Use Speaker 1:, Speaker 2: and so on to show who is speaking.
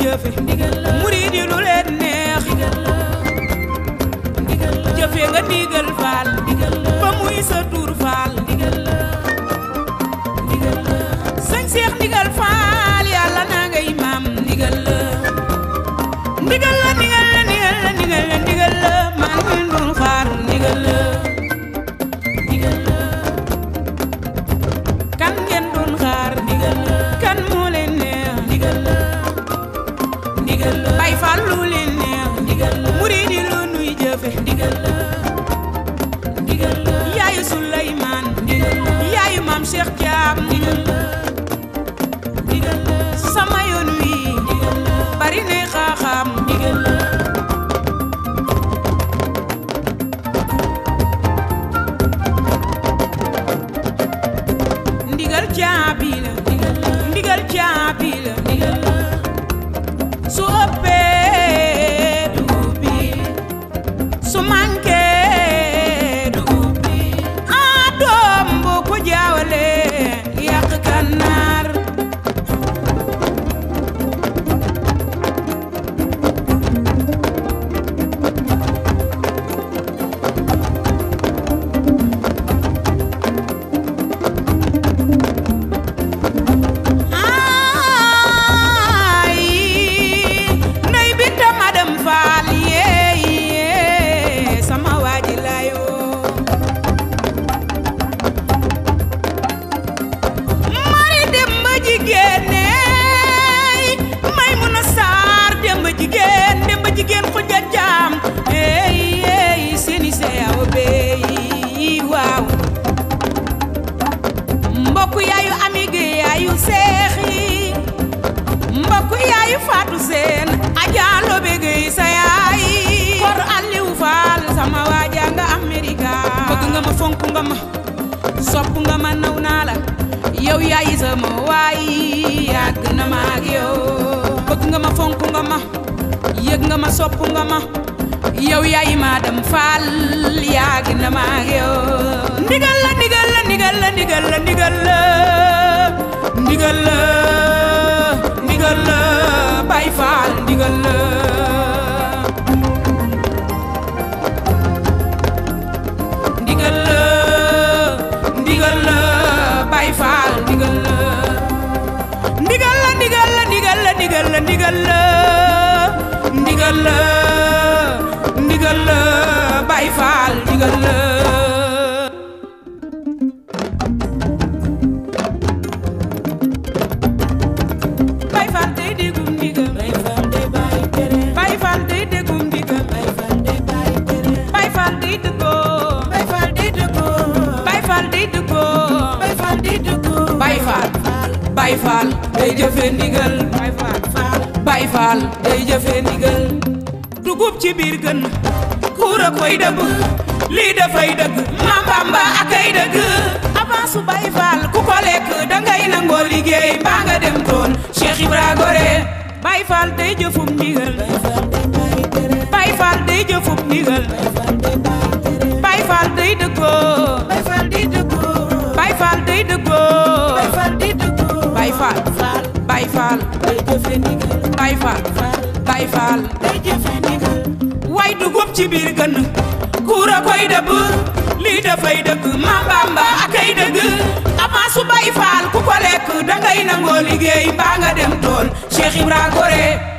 Speaker 1: jëfe murid yi lu leen neex jëfe nga ndigal faal bay fal lu leen neex murid yi lu nuy jëfe yaayu Suleymaan yaayu maam Cheikh Thiam sama yoon wi bari na xaaxaam ndigal caabi la ndigal caabi la su manqué faatu seen ajaalo begey sa yaay kor alliw faal sama waajaa nga amerika bëgg nga ma fonk nga ma sopp nga ma naw naa la yow yaay sama waay yàgg na ma ak yow bëgg nga ma fonk nga ma yëg nga ma sopp nga ma yow yaay maa dem faal yàgg na ma ak yow ndigal la ndigal la ndigal la ndigal la ndigal la màggal la ndigal la ndigal la Baay Faal ndigal la ndigal la ndigal la ndigal la ndigal la ndigal la ndigal la ndigal la Baay Faal ndigal la Baye Fall day jëfe ndigal dugub ci biir gën kuura koy dëbb lii dafay dëgg Maam Bamba akay dëgg avance u Baye ku ko lekk dangay nangoo liggéey mbaa nga dem toon Cheikh Ibra Gore Baye Fall day jëfum ndigal Baye Fall day jëfum ndigal Baye Fall Baye Fall Baye Fall Baye Fall way dugub ci biir gën kuura koy dëbb lii dafay dëgg Maam Bamba akay dëgg amaa su Baye ku ko dangay nangoo liggéey mbaa nga dem tool Cheikh Ibra Gorée